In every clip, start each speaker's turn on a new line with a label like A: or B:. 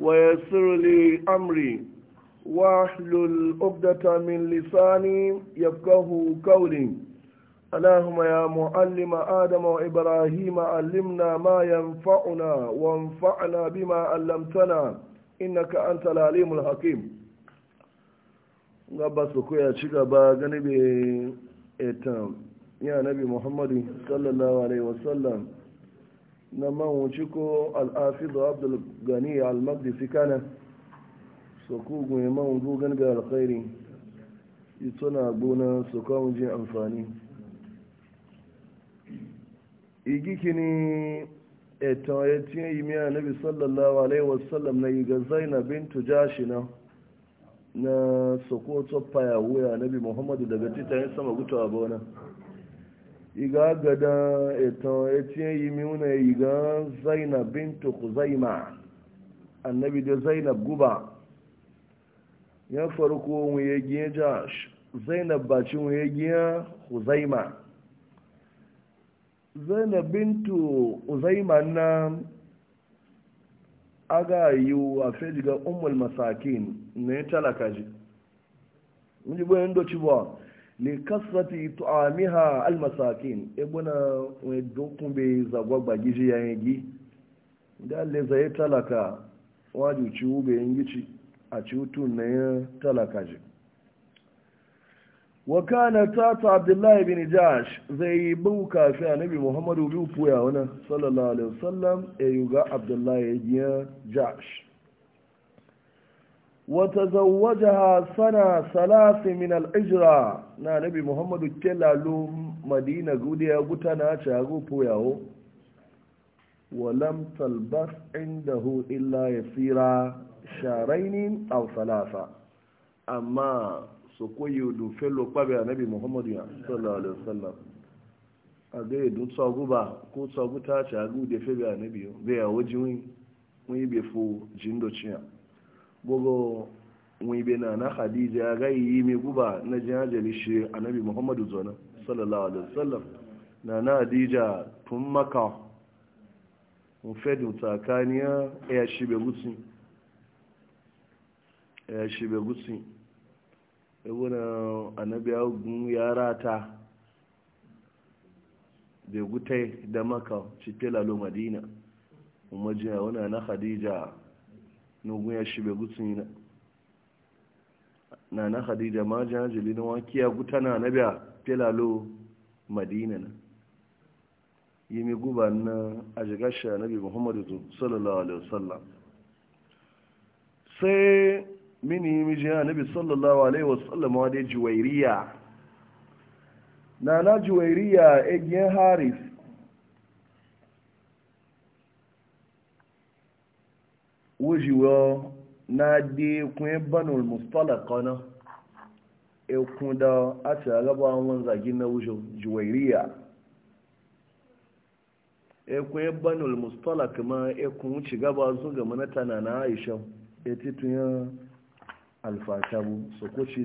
A: ويسر لي أمري واحلل عقدة من لساني يفقه قولي اللهم يا معلم آدم وإبراهيم علمنا ما ينفعنا وانفعنا بما علمتنا إنك أنت العليم الحكيم gaba su koya ci gaba gani bai etan ya nabi muhammadu sallallahu alaihi wasallam na man wuce ko al'afidu abdul gani al-maqdisi kana su ku gwe man gugan ga alkhairi ito na gona su kawo jin amfani igikini eto ya tiye yi miya bi sallallahu alaihi wasallam na yi ga zainab bintu jashina na sokoto paya wuya bi muhammadu daga titayen sama gutawa bona iga gada eto etiye yi yi iga zainab bintu khuzaima annabi da zainab guba ya farko mu ya giya jash zainab baci mu ya giya khuzaima zainab bintu khuzaima na aga yi a fejiga umul masakin ne talaka ji mun ji bayan doci ba likasrati tu'amiha almasakin ibuna wani dokun bai zagwagba gishi ya yangi da le zai talaka waju ciwu bai yangi ci a ciwutun na ya talaka ji wa kana tata abdullahi bin jash zai yi bau kafi annabi muhammadu biyu puya wani sallallahu alaihi wasallam e yuga abdullahi ya jash وتزوجها سنة ثلاث من الإجرة نا نبي محمد كلا لوم مدينة قولي أبوتنا شاقو بوياو ولم تلبس عنده إلا يسيرا شارين أو ثلاثة أما سكوي دفلو قبع نبي محمد صلى الله عليه وسلم أجي دون صاغو با كو صاغو تا شاقو دفلو نبي بيا وجوين ويبفو جندو تشيان wọn ibe na na khadija gai yi mai guba na jihajali shi nabi muhammadu zonu sallallahu alaihi wasallam na na khadija tun maka mun fedin tsakaniya ya shibe gusi ya shibe gutsin ebuna annabi ya gun yara ta bai gutai da maka cikin lalo madina umarjiya wani na khadija nogun ya shi bai gutsun yi na na khadija ma jajili na wakiya gutana na biya filalo madina na yi mai guba na na nabi muhammadu zu sallallahu alaihi wasallam sai mini mijiya nabi sallallahu alaihi wasallam wadai juwairiya na na juwairiya gina haris wujiwa na de kun banul mustalaka na náà da a ci agaba wọn zagi na wujo juwairiya ekun banul mustalaka ma ekun gaba sun ga manata na na aisha ya tituyen alfatabu su kuci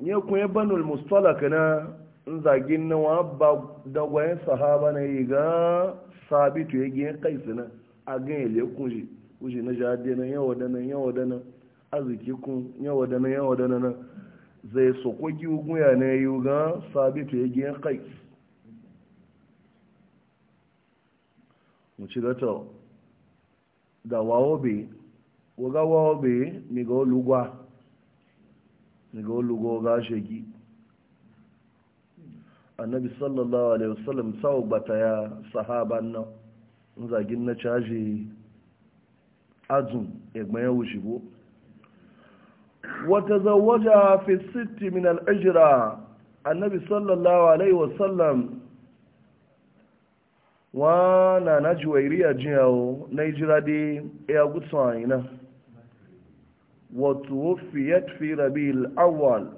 A: ga ya kun na zagin na wa ba dagwayen sahaba na yi ga sabitu ya giyan kaisu na a gan ile kunshi kunshi na jade na yawa da nan yawa da nan arziki kun yawa da nan yawa da nan zai sokoki guya na yi ga sabitu ya giyan kaisu mu ci gata da wawobe waga wawobe ni ga olugwa ni ga olugwa ga shegi annabi sallallahu alaihi wasallam sau bata ya sahaban nan zagin na caji azun egbe ya wuce bo wata zawaja fi sitti min al'ajira annabi sallallahu alaihi wasallam wa na na juwairi a jiyawo na ijira dai ya gutsu a ina wato fi fi rabi al'awwal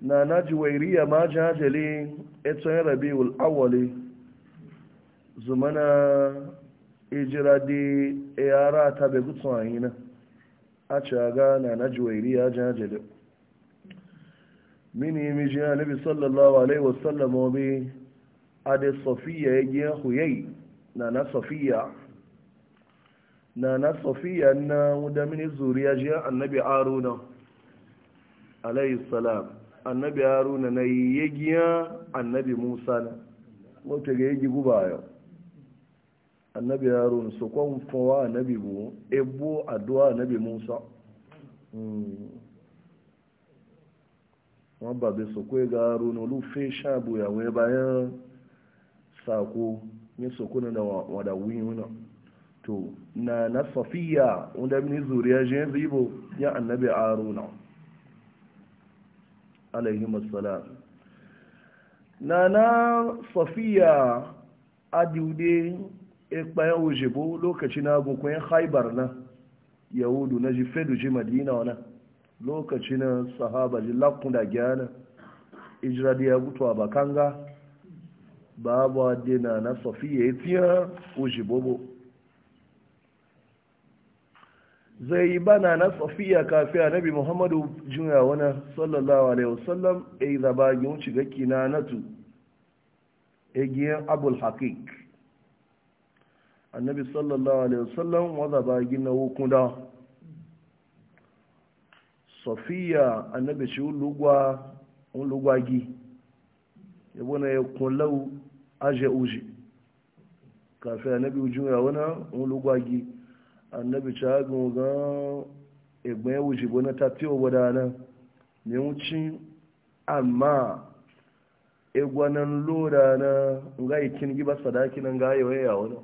A: na na juwairiya ma jajale etan rabi awwali zumana ijira di yara e ta bai gutsun a caga na na juwairiya jajale mini miji na nabi sallallahu alaihi wasallam obi a da sofiya ya e giyan huyayi na na sofiya na na sofiya na wuda mini zuriya jiya annabi aruna alaihi salam annabi haruna na ya giya annabi musa na wata ga yagi guba yau annabi haruna su kwan fowa annabi bu ebo addu'a annabi musa wọn bai sọ pé ga haruna olúfẹ́ ṣàbò wai bayan sako ní sọkúnà da wàdà wíyún náà to na na safiya wanda mini zuriya jẹ́ zibo ya annabi haruna alayhim assalam nana safiya adiude ekpayan ojebo lokaci na gunkun haibar na yahudu na ji fedu ji madina wana lokaci na sahaba ji lakun da gyana ijira da ya gutu a bakanga babu adina na safiya ya tiya ojebo zai bana na kafiya nabi muhammadu wani sallallahu alaihi wasallam a yi zaba yin na natu a giyan abul haqiq annabi sallallahu alaihi wasallam gina annabi shi ya aje uji wani annabi gan ga egbon ya wuce bane ta fi obada nan ne wuce amma egwanan lora na nga ikin giba sadaki nan ga yawa ya wani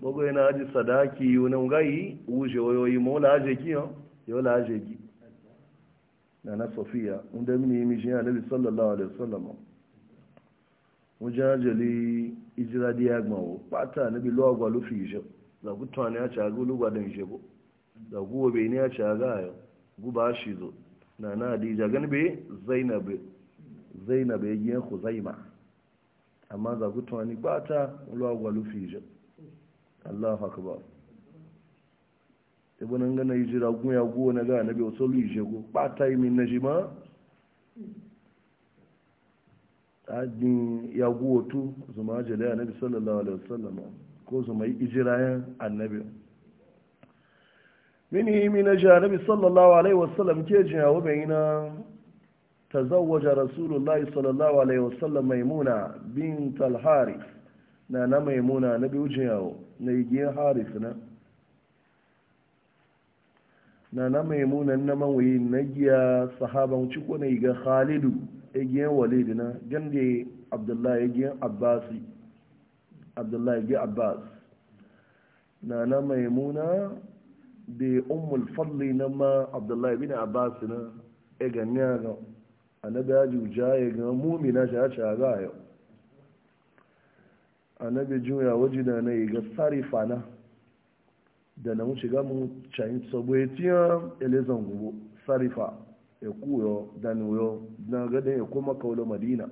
A: gbogbo yana aji sadaki yi nan ga yi wuce wayoyi ma wala aje ki yau wala aje ki na na sofiya inda mini yi mishin ya nabi sallallahu alaihi wasallam wajen ajali ijira diya gbawo pata nabi lo agwa lufi yi zagu tuwani ya ci aga oluwa don shebo zagu obe ne ya ci aga yau guba shi zo na na adija gani be zainabe zainabe yin ma amma ku tuwani ba ta oluwa gwalufi allah haka ba ibi nan gana ji gun ya guwa na gana bai wasu lu ije go ba ta yi min na ji ma adin ya guwa tu zuma jale nabi sallallahu alaihi wasallam ko su mai ijirayen annabi mini yi na ji sallallahu alaihi wasallam ke jin yawo mai na ta tazawaja rasulullahi sallallahu alaihi wasallam mai muna bin talhari na na Maimuna na biyu jin yawo na giyan haris na na na Maimuna muna na mawuyi na giya sahaban ciko na yi igiyar khalidu igiyar walidu na gande abdullahi giyan abbasi abdullahi bi abbas na na maimuna da umul falli na ma abdullahi bin abbas na e ganiya ga annabi ya juja ya ga mumina shi hace a ga yau annabi juya waje da na yi ga sarifa na da na wuce ga mu cayin sabo ya tiya elezan gugu sarifa ya kuyo da nuyo na gadon ya kuma kaulo madina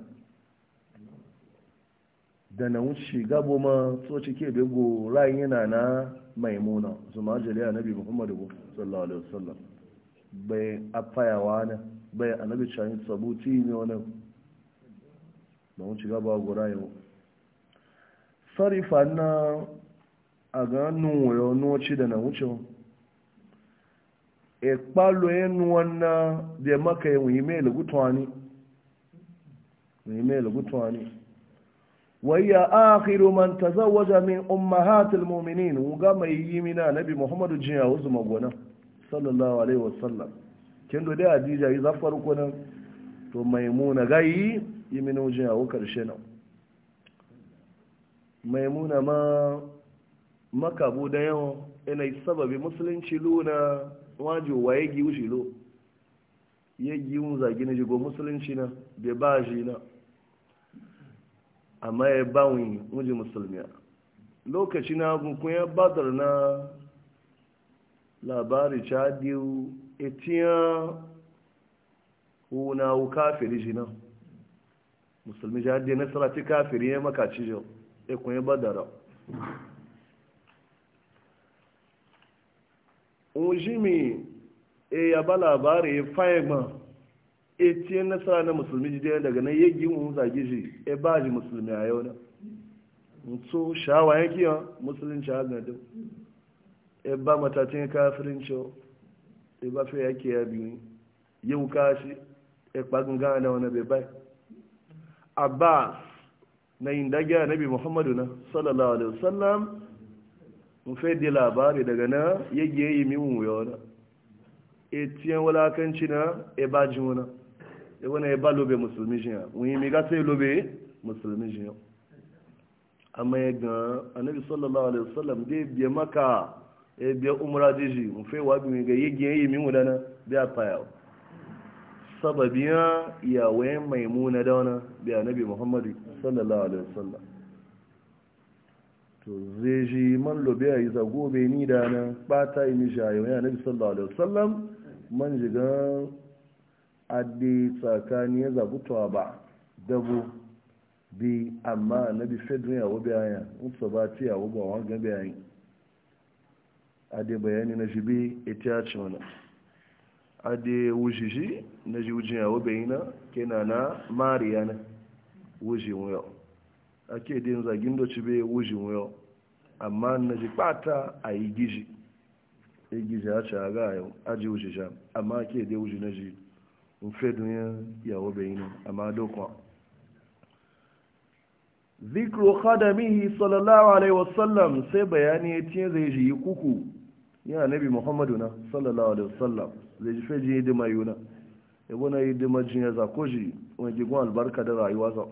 A: da na wuce gabo ma tsoci ke bego rayin yana na maimuna zuma jali annabi muhammadu bu sallallahu alaihi wasallam bai afayawa na bai annabi cani sabuti ne wani na wuce gaba gura yau sarifa na a ganin wayo noci da na wuce e kpalo enu wannan da maka yi muhimmai lagutuwa ne muhimmai lagutuwa ne وهي آخر من تزوج من أمهات المؤمنين وقام يمنا نبي محمد جنيا وزمقونا صلى الله عليه وسلم kendo dai Hadija yi zafar kuna to Maimuna gayi yimina wajin awo karshe nan Maimuna ma makabu da yawa ina sababi musulunci luna wajo waye giwu shi lo ya giwu zagi na jigo musulunci na bai ba shi na amma ya bawon wuji musulmiya lokaci na ya badar na labari chadiyu etiya wu kafiri shi nan musulmi chadiyu na ti kafiri ya makaci jau ya kunya badara ojimi e yaba labari ya fayin etiye nasara na musulmi ji daga nan yaggi mun zage shi e ba ji musulmi a yau na so shawa yake ya musulunci a gado e ba matatin cewa e ba fi yake ya biyu yau kashi e kpagin gana wani bai bai abbas na yin dagiya nabi muhammadu na sallallahu alaihi wasallam mun fai di labari daga na yaggi ya yi min wuyo na etiyan wulakanci na e ba ji wani ya na ya ba lobe musulmi shi mun wani mai gasa ya lobe musulmi shi ya amma ya ga annabi sallallahu alaihi wasallam dai biya maka e biya umra jiji mu fe wa bi ga yegi yi min wadana biya faya sababiya ya wayan maimuna da bi biya muhammadu sallallahu alaihi wasallam to zai ji man lobe a yi zagobe ni da nan bata yi mi a yau ya annabi sallallahu alaihi wasallam man jigan adi tsakani ya zabutuwa ba dabo bi amma na bi fedun yawo bayanya musa ba ci yawo ba wanga bayani adi bayani na shi bi ita ya ci mana adi wushi na ji wujin yawo bayina kena na mariya na wujin wuyo ake din zagin da ci bai wujin wuyo amma na ji kpata a yi gizi ya e gizi ya ci a ga yau aji wushi amma ake dai wuji na ji nfe duniya yawo bai yi amma dokwa zikro khadamihi sallallahu alaihi wasallam sai bayani ya ce zai ji kuku ya nabi muhammadu na sallallahu alaihi wasallam zai ji feji yi dima yuna yabo wuna yi dima jin ya zako shi? wani gigon albarka da rayuwa zau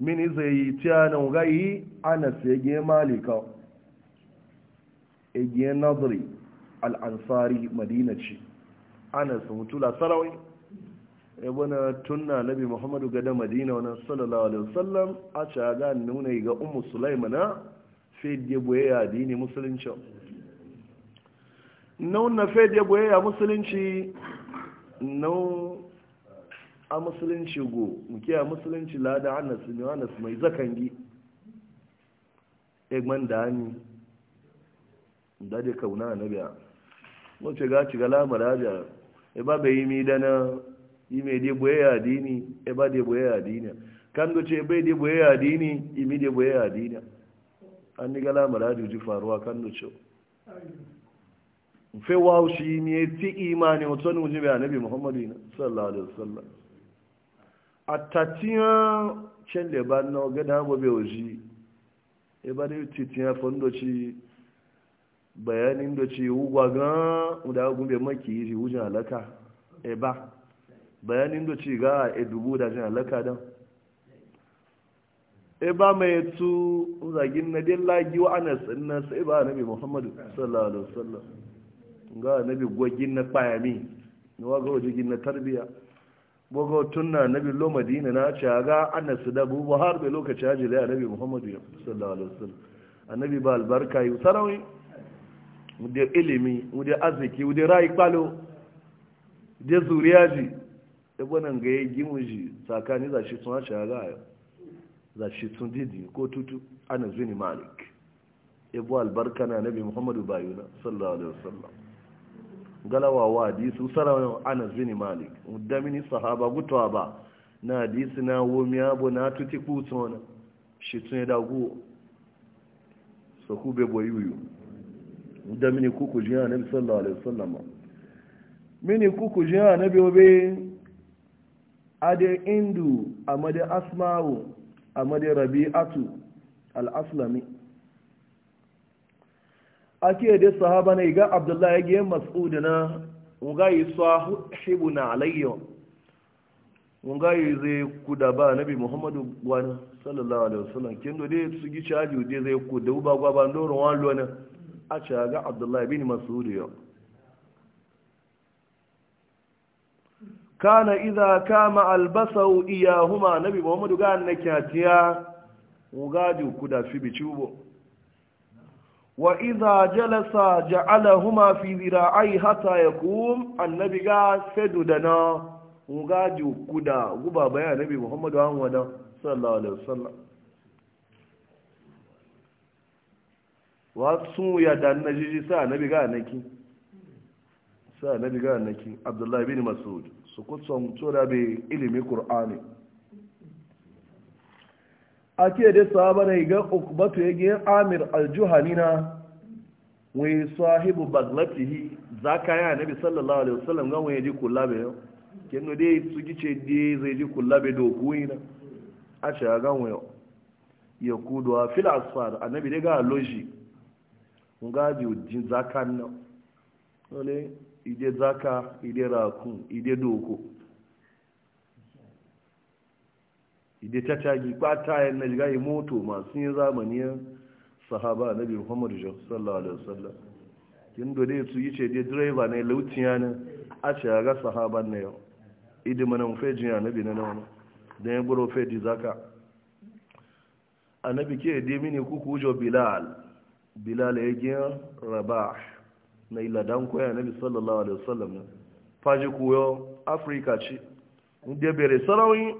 A: min zai yi tiya na gayi anas ya gina malika ya gina nazari al'ansari madina ce sun mutula sarawai ibana tunna nabi muhammadu gada madina wani sallallahu alaihi wasallam a caga nuna ga umu sulaimana fede ya dini musulunci nuna fede ya musulunci nau a musulunci go muke a musulunci lada anas ne anas mai zakangi egman da hannu da dai kauna na biya wace ga ci ga lamar hajjar ba bai yi mi da na ime de boye adini e ba de boye adini kan do ce bai de adini imi de boye adini an ni gala mara ji faruwa kan do ce fe wa shi ne ti imani wato ne mujibi annabi muhammadu sallallahu alaihi wasallam atatiyan chen le ba no gada bo be oji e ba de titiyan fondo ci bayanin do ci ugwa ga uda gumbe maki iri wujan alaka e ba bayanin da ci ga a dubu da jin alaka dan e ba mai tu zagin na dai lagi wa anas na sai ba nabi muhammadu sallallahu alaihi wasallam ga nabi gwagin na kayami na waga gin na tarbiya bogo tunna nabi lo madina na ci ga anas da ba har bai lokaci haji da nabi muhammadu sallallahu alaihi wasallam annabi ba albarka yi sarawi mu da ilimi mu da arziki mu da rai kwalo da zuriyaji ebonan ga ya gimu ji tsakani za shi tun haci haga yau za shi tun didi ko tutu ana zuni malik ebo albarka na nabi muhammadu bayuna sallallahu alaihi wasallam galawa wa hadisu wani ana zuni malik mudamini sahaba gutuwa ba na hadisu na womi abu na tuti kutu wani shi tun ya dagu sakube boyuyu mudamini kuku jiya nabi sallallahu alaihi sallam. mini kuku jiya nabi obe ade indu a madin asma'u a al rabi'atu al'aslami ake da sahaba na iga abdullahi ya giye mas'udu na ngayi sahibu na alayyo ngayi zai kuda ba nabi muhammadu wani sallallahu alaihi wasallam kin do dai su gi caji dai zai kuda ba gwa ban doron wani lona a ga abdullahi bin Mas'ud yau kana iza kama albasau iyahuma nabi muhammadu ga na kyatiya ugadi ku da fi bicibo wa iza jalasa huma fi zira'i hatta yakum annabi ga fedu da na ugadi ku guba bayan nabi muhammadu an wada sallallahu alaihi wasallam wasu ya da na jiji sa nabi ga naki sa nabi ga naki abdullahi bin mas'ud su kutsan tsora bi ilimi ƙur'ani a ke da sahaba na iga ukbatu ya gina amir aljuhani na wai sahibu baglafihi za ka yi nabi sallallahu alaihi wasallam ga wani ya ji kula bai yau kendo dai su gice dai zai ji kula bai doku yi na a ce a gan wani ya kudu a fil asfar anabi dai ga aloji ga jin zakan na ide zaka ide rakun ide doko ide cacagi kwata yan na jiga moto masu yin zamaniyar sahaba na bi muhammadu jau sallallahu alaihi wasallam kin dole su yi ce dai direba ne lautiya ne a ce ga sahaban na yau idi mana mu fejin ya nabi na nawa dan ya buro feji zaka annabi ke dai mini kuku jo bilal bilal ya gina rabah na iladan kwaya na bi sallallahu alaihi wasallam na faji koyo afirka ci inda bere sarawin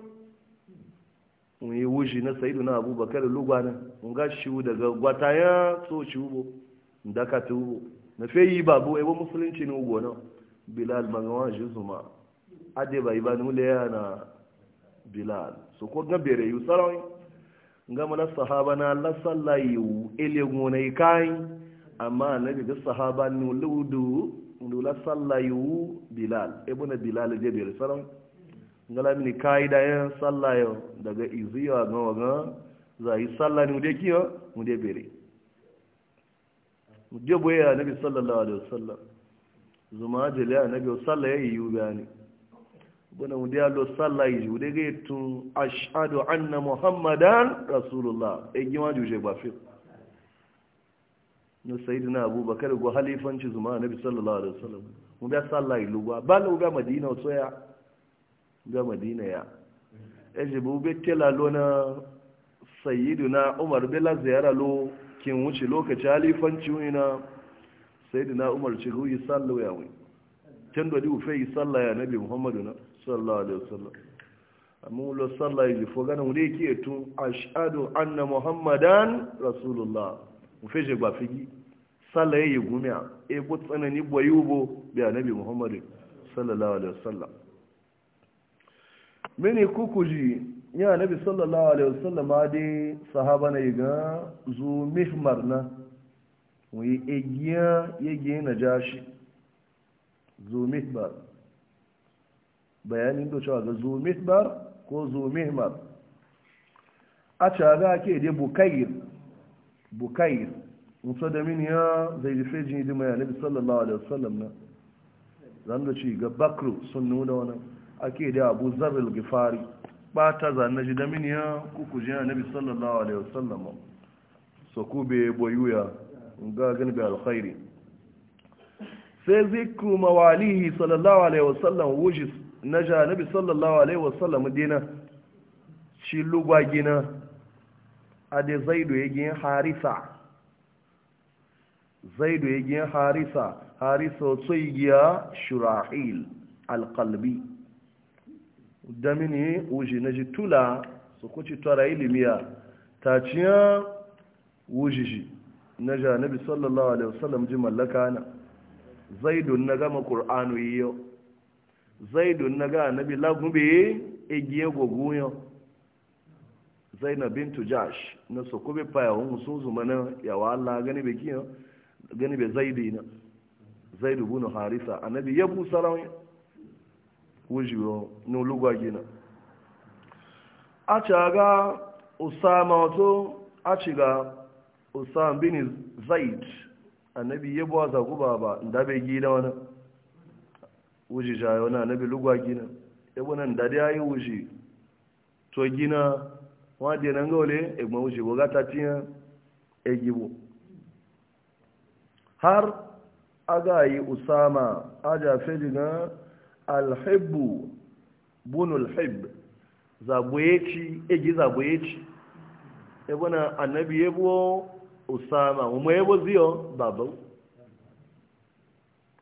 A: mun yi wuji na sayidu na abubakar lugwana mun ga shi daga gwataya so shi ubo da ka ta na feyi babu ebo musulunci ne ugo na bilal magawa shi zuma ade bai ba ni mule na bilal so ko ga bere yu sarawin ga sahaba na la sallayu ele ngona kai amma na ga sahaba ni ludu sallayu bilal ibn bilal je bi salam ngala min kaida ya sallayo daga iziya ga waga za yi sallah ni de kiyo mu de bere mu je boye annabi sallallahu alaihi wasallam zuma jele annabi sallaye yi gani bona mu dia lo sallayi de ge tu ashhadu anna muhammadan rasulullah e je juje fi na sayidina abubakar go halifanci zuma nabi sallallahu alaihi wasallam mu biya sallah ilu ba bal mu biya madina so ga madina ya eje bu be tela lona sayidina umar la ziyara lo kin wuce lokaci halifanci wina sayidina umar ci go yi sallah ya wi can do di u fe yi sallah ya nabi muhammadu na sallallahu alaihi wasallam amma lo sallah yi fo ganan wuri ke tun ashhadu anna muhammadan rasulullah mufeje gbafigi sallah ya yi gumiya e bu tsanani boyi ubo bi annabi muhammadu sallallahu alaihi wasallam meni kukuji ya annabi sallallahu alaihi wasallam dai sahaba na yiga zu mihmar na mu yi egiya yegi na jashi zu mihmar bayanin do cewa ga zu mihmar ko zu mihmar a ga ke de bukair bukair musu da mini ya zai rufe jini dima ya nabi sallallahu alaihi wasallam na zan da ci ga bakru sun nuna wani ake da abu zarril gifari ba ta zane ji da mini ya kuku ji ya nabi sallallahu alaihi wasallam so ku be boyuya ga gan bi alkhairi sai zikru mawalihi sallallahu alaihi wasallam wujis na nabi sallallahu alaihi wasallam dina shi lugwa gina ade zaidu ya gin harisa zaidu ya gin harisa harisa tsoyi giya shura'il alkalbi damini wuji na ji tula su kuci tara ilimiya ta ciya wujiji na janabi sallallahu alaihi wasallam ji mallaka na zaidu na gama ƙur'anu yi yau zaidu na ga nabi lagube igiye e yau. zainab bintu jash na su kube fayawun sun zuma na yawa Allah gani be kiyan gani zaidina zaidi na zaidu bunu harisa annabi yabu busa rawun wujiyo na lugwa gina a aga usama wato a ciga usama bin zaid annabi yabu buwa zaguba ba da gina wana wuji jayo na annabi lugwa gina ya bunan da ya yi wuji to gina wọ́n dẹ̀ náà gọ́ọ̀lẹ́ ẹgbọ̀n òṣèwò gáta tí yán ẹgbìwò har agayi usama aja feji na alhibbu bunul hib zaboyeci egi zaboyeci ebe na annabi yabo usama ọmọ umu yabo ziyo babau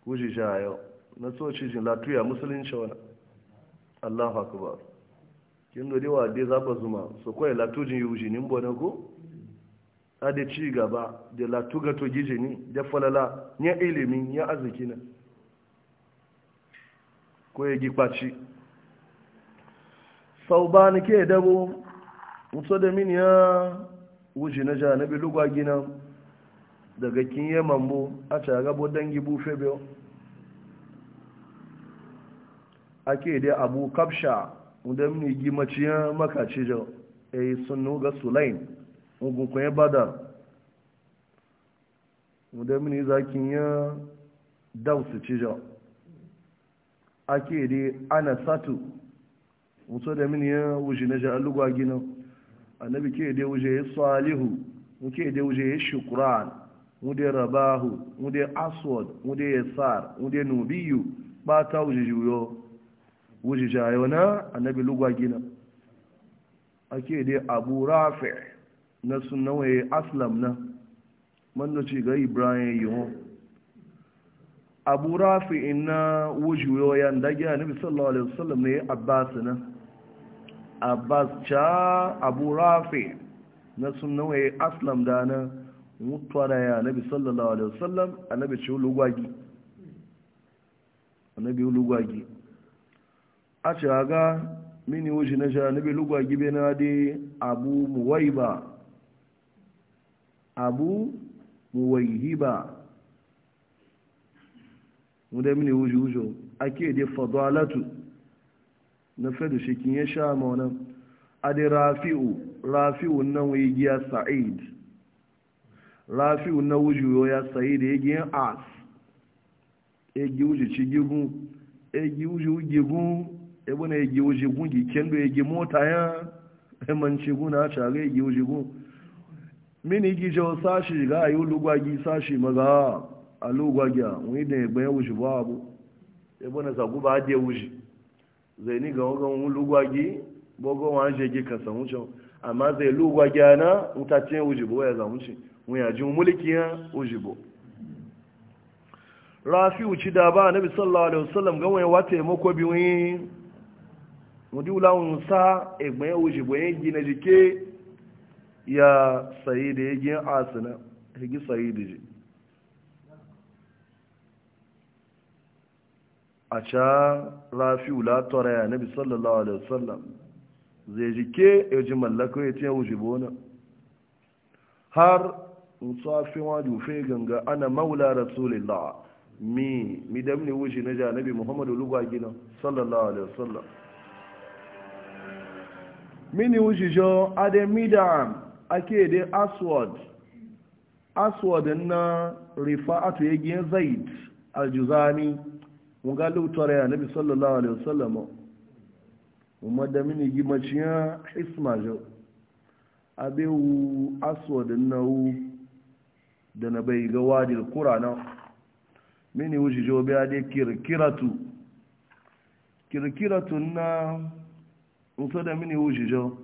A: kuji shayo na so cijin latuya musulunci wani allahu akbar kin dole wa dai zaba zuma so koyi latujin yuji nin bonan ko da ci gaba da latuga to gije ni da falala ya ilimi ya arziki na ko ya gikpaci sau ba ni ke dabo mutu da min ya wuji na janabi lugwa gina daga kin yi mambo a cagabo dangi bufe biyu ake dai abu kapsha udan ni gimaciya makaci jau e sunu ga sulaim ugun kun badar udan ni zakin ya dausu ci jau ake dai ana satu mutu da mini ya wuji na ja'alugwa gina annabi ke dai wuce ya salihu muke dai wuje ya shukran mude rabahu mude aswad mude yasar mude nubiyu ba ta wuce juyo wuji jayona annabi lugwa gina ake dai abu rafi na sunawaye aslam na mandoci ga ibrahim yiwu abu rafi na wuji yoyon dagi annabi sallallahu alaihi wasallam ya abbas na abbas cha abu rafi na sunawaye aslam da na mutuwa da ya annabi sallallahu alaihi wasallam annabi ce lugwagi annabi lugwagi a ce ga mini wuce na sha nabi lugwa gibe na dai abu muwai ba abu mu wadda mini wuce wuce ake dai fadalatu na fadu shi kin ya sha ma wani adi rafi'u rafi'u nan wai giya sa'id rafi'u na wuce ya sa'id ya giyan as egi wuce ci gigun egi wuce gigun ebe na yage wuce gun giken da gi mota ya manci guna a ga yage wuce gun mini gije sashi ga a yi lugwagi sashi maza a lugwagi a wani da yagbe ya wuce ba abu ebe na sagu ba adiye wuce zai ni ga wagon lugwagi bogo wa je gi kasa wuce amma zai lugwagi wuta mutacin wuce ba ya zamu ce wani yaji mulki ya wuce ba rafi uci da ba nabi sallallahu alaihi wasallam ga wani wata ya mako biyu mudi wulawun sa egbe wuce bayan gina jike ya sayi da ya gina asina higi sayi da ji a ca rafi wula tara ya nabi sallallahu alaihi wasallam zai jike ya ji mallaka ya tiya wuce bona har musafin wadu fe ganga ana maula rasulillah mi mi damni wuce na janabi muhammadu lugwa gina sallallahu alaihi wasallam mini wujijo ade midam ake de aswad aswad na rifa'atu ya giyan zaid aljuzani mun ga lutare ya nabi sallallahu alaihi wasallam mun da mini gimaciya isma jo u aswad na u da na bai ga wadi kurana mini wujijo bi ade kirkiratu kirkiratu na to da mini jo?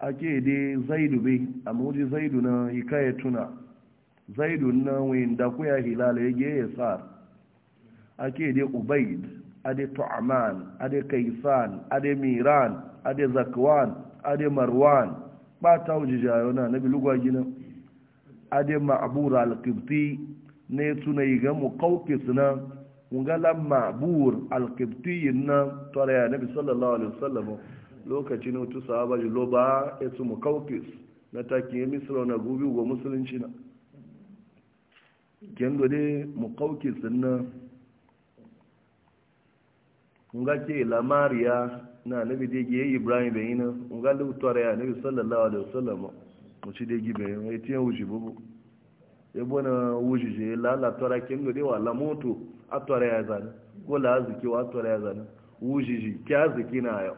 A: ake de zaidu bai amma wuji zaidu na hikaya tuna zaidu na wayin da kuya hilala ya ya tsar ake de ubaid ade tu'aman ade kaisan ade miran ade zakwan ade marwan ba ta wujijo yana na bilugwa gina ade ma'abura al-qibti ne tuna yi ga na ngala ma'bur alqibtiyin na tare ya nabi sallallahu alaihi wasallam lokacin otu sahaba ji lo ba etu mukaukis na takiye misra na gobe go musulunci na kendo dai mukaukis na nga ke lamariya na nabi dai ge ibrahim bai na nga lu tare ya nabi sallallahu alaihi wasallam mu ci dai gibe ya tiyan wuji bubu ya bona wuji je la la tare kendo dai wala moto atwara ya zane ko la aziki wa atwara ya zane wujiji ki aziki na yau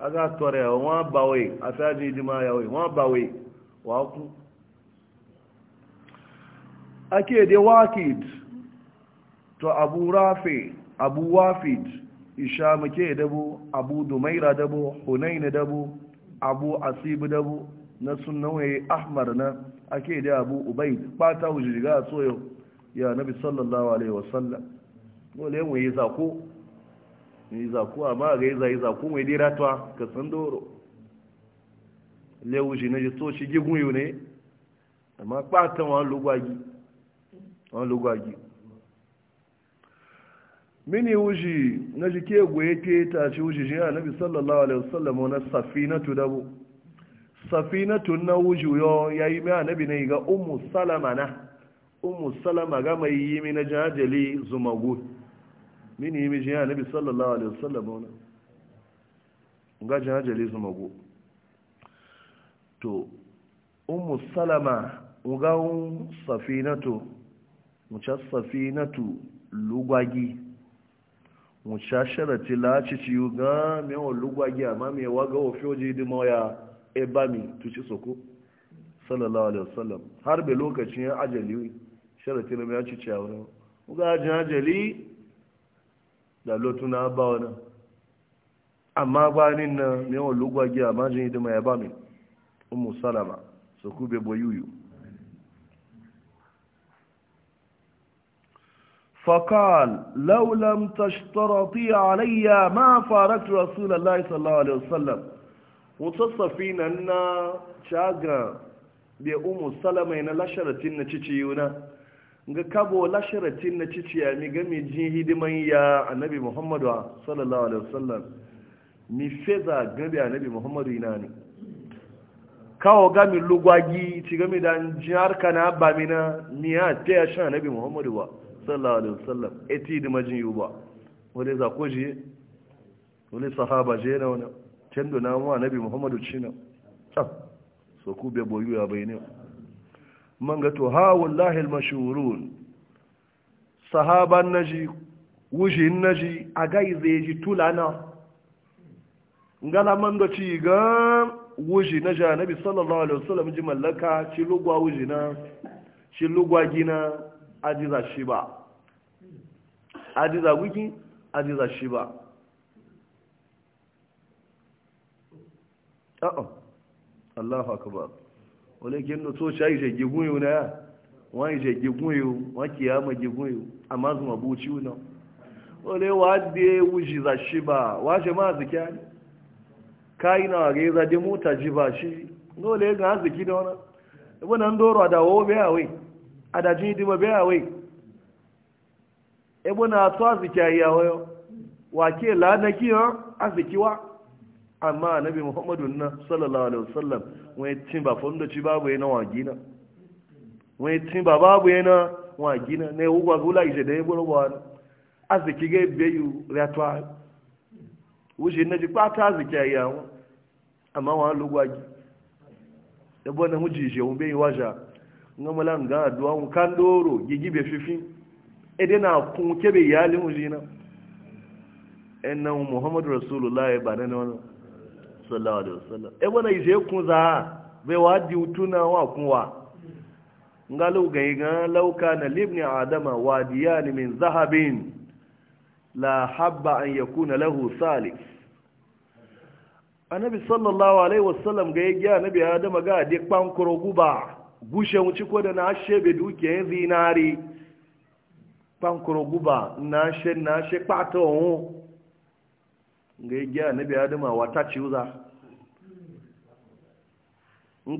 A: aga atwara ya wa bawai afaji jima ya wai wa abawai wa ku ake de wakid to abu rafi abu wafid isha muke dabo abu dumaira dabo hunain dabo abu asib dabo na sunnawaye ahmar na ake da abu ubaid fata wujiji ga soyo ya nabi sallallahu alaihi wasallam dole mu yi zako mu yi zako amma ga yi zai zako mu yi dira ta ka san doro lewu shi na ji to shi gigun yau ne amma kpatan wa lugwagi wa lugwagi mini wuji na ji ke goye ke ta ci wuji shi a nabi sallallahu alaihi wasallam na safinatu dabu safinatu na wuji yo yayi mai nabi ne ga ummu salama na ummu salama ga mai yi na jajali zumagu mini yi mijin ya nabi sallallahu alaihi wasallam wani gajin hajjali su mago to umu salama un safinatu muca safinatu lugwagi muca sharati lacici ga mewa lugwagi amma mai waga ofe oji dima ya ebami tuci soko sallallahu alaihi wasallam har bai lokacin ajali sharati na mai ya cici a wurin ugajin da lotuna ba wani amma bayanin nan mai yawan lugwagi a majin hidima ya ba mai umu salama su kube boyuyu fakal laulam tashtarati alayya ma faratu rasulullahi sallallahu alaihi wasallam mutassafi nan na shaga bai umu salama ina lasharatin na ciciyuna ga kabo la sharatin na ciciya mi ga mi ji hidiman ya annabi muhammadu sallallahu alaihi wasallam mi feza bi annabi muhammadu ina ne kawo ga mi lugwagi ci ga mi dan jihar kana ba mi na mi ya ta ya shan annabi muhammadu ba sallallahu alaihi wasallam eti da majin yuba ba wale za ko je wale sahaba je na wani tendo na mu annabi muhammadu cina so ku be boyu ya bayne Mangato ga lahil ha wallahi al-mashhurun sahaban naji wujin naji agai zai ji tulana ngala man ga ci ga wuji na ja nabi sallallahu alaihi wasallam ji mallaka ci lugwa wuji ci lugwa gina ajiza shi ba ajiza wiki ajiza shi ba a'a Allahu akbar walakin no so shayi je gigunyu na ya wani je gigunyu waki ya ma gigunyu amma zuma buci na wale wadde wuji za shi ba wace ma zikiya ne kayi na wage za de mota ji ba shi dole ga ziki da wani Ibo nan doro a dawo biya wai a da jini be biya wai ibi na to a zikiya yi a wayo wake lanaki yan a zikiwa amma nabi muhammadu na sallallahu alaihi wasallam wani cin ba fondo ci babu yana wagina wani cin ba babu yana wagina ne ugwa gula ise da yebo roba na aziki ga beyu ratwa wuce na ji pata ya ayya amma wa lugwa gi da bona muji je un beyu waja ngamala nga duwa un kandoro gigibe fifi edena kun kebe yali mujina enna muhammadu rasulullah ba na wannan sallallahu alaihi wasallam e bona ise kun za be wa di utuna wa kun ngalu ga ga lauka na libni adama wadiyan min zahabin la habba an yakuna lahu salif annabi sallallahu alaihi wasallam ga ya annabi adama ga de pankoro guba gushe mu ciko da na shebe duke zinari pankoro guba na she na she pato ga gya na biya adama wata ciwuza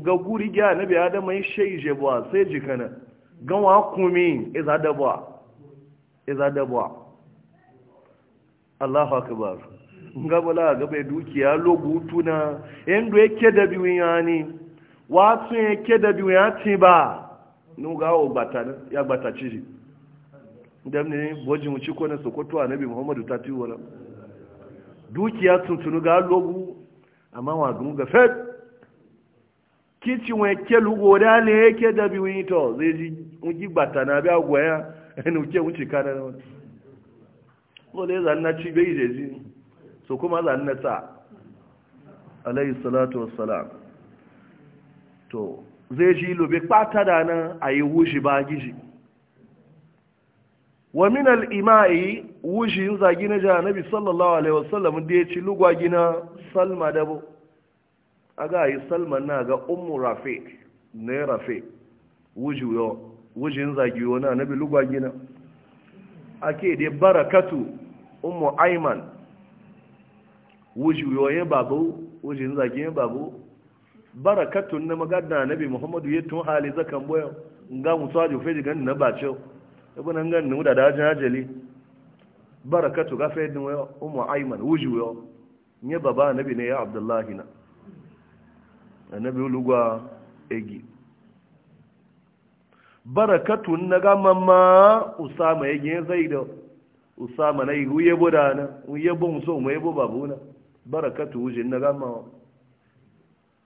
A: ga guri gya na biya adama yi shai jebuwa sai jikana ganwa kumi iza e dabuwa iza e dabuwa allahu akbar ga bala ga bai dukiya logu tuna yadda yake da biyu ya ne wasu yake da biyu ya ce ba nuga ya gbata ciri dam ne bojin wuce kwanan sokoto a nabi muhammadu ta tiwo na dukiya tuntunu ga logu amma wa dun ga fet kici wọn ke lugo da ne ke da bi wani to zai ji ji bata na bi ni ne uke ci kana na wani ko le zan na ci bai zai ji so kuma zan na sa alayhi salatu wassalam to zai ji lobe pata da na a yi ba giji wa min ima'i wushin zagi na ja nabi sallallahu alaihi wasallam da ya ci lugwagi gina salma dabo a ga yi salma na ga ummu rafe ne rafe wujin zagi wani nabi gina a ke dai barakatu ummu aiman wujiyoyin babu wujin zagi babu barakatu na magadna nabi muhammadu ya tun hali zakan boyan ga mutuwa jufe jigan na bacin ibi nan ganin da dajin ajali. barakatu ga fayyadin wa umu aiman wuji wa nye baba nabi ne ya abdullahi na annabi ulugwa egi barakatu na ga mamma usama ya zai da usama na ihu yebo da na yebo muso mu yebo babu na barakatu wuji na ga ma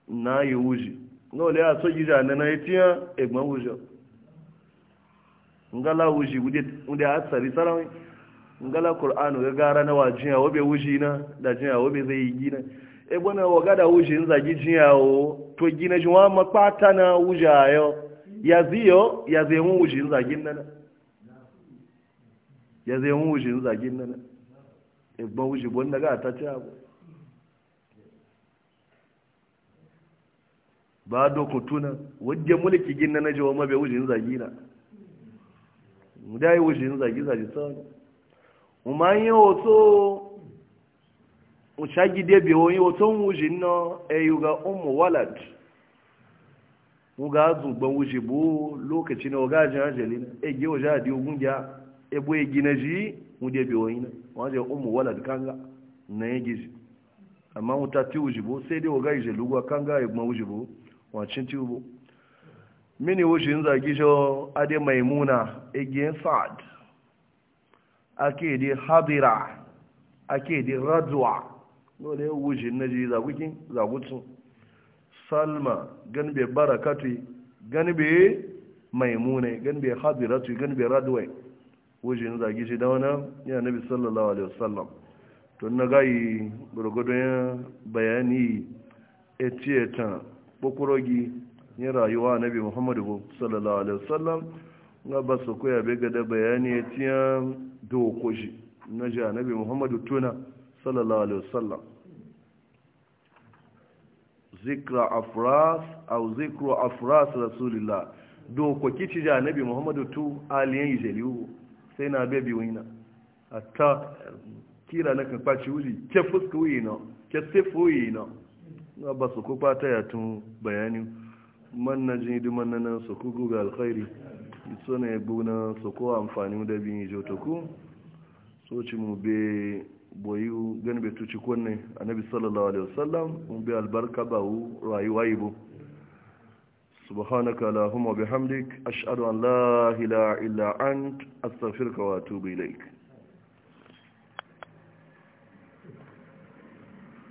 A: na yi wuji no le a so na na etiya egban wuji ngala wuje wude wude a sarawai ngala qur'anu ga gara na wajiya wabe wuji na da jiya wabe zai yi gina e bona waga gada wuji in zagi jiya o to gina jiwa mapata na wuja yo ya ziyo ya zai mu wujin in zagi nana ya zai mu wujin in zagi nana e ba wuji bon daga ta ci abu ba do tuna, wadda mulki gina na jiwa mabe wuji in zagi na mu dai wuji in zagi zagi tsawon ma ń yí òtó òṣàgídébì oyin òtó ń wùjì ná ẹ̀yùgà ọmọ wàlàd wùgà àdùgbọ̀n wùjì bó lókèchí na ọgá àjẹ́ àjẹ́lẹ́ ẹgbẹ́ òjá àdí ogun já ẹgbẹ́ e e ìgìnà jí wùdébì oyin wọ́n jẹ́ ọmọ wàlàd kanga na yẹn e gíjì àmá wọn ta tí wùjì bó sai ọgá ìjẹ́ lúgbà kanga maimuna ẹgbẹ́ ake di hadira ake di radwa dole ya na ji zagukin zagutun salma ganbe barakatu ganbe maimune ganbe hadiratu ganbe radwa wuce na zagi shi da wani ya nabi sallallahu alaihi wasallam tun na gayi gurgudun bayani ta bukurogi ni rayuwa nabi muhammadu sallallahu alaihi wasallam na ba su koya be gada bayani etiyan dokoshi na janabi muhammadu tuna sallallahu alaihi wasallam zikra afras au zikru afras rasulillah dokoki ci janabi muhammadu tu aliyan ijeliwo sai na bebi wina hatta kira na kan kwaci wuli ke fuska wuyi na ke sefu wuyi na na ba su kuka ta yatun bayani man na jini duman nan su kuku ga alkhairi iso na egbu na soko amfani da bin ijo toku so ci mu be boyu gan be tuci kunne annabi sallallahu alaihi wasallam mun be albarka ba hu rayuwa yibo subhanaka allahumma bihamdik ashhadu an la ilaha illa ant astaghfiruka wa atubu ilaik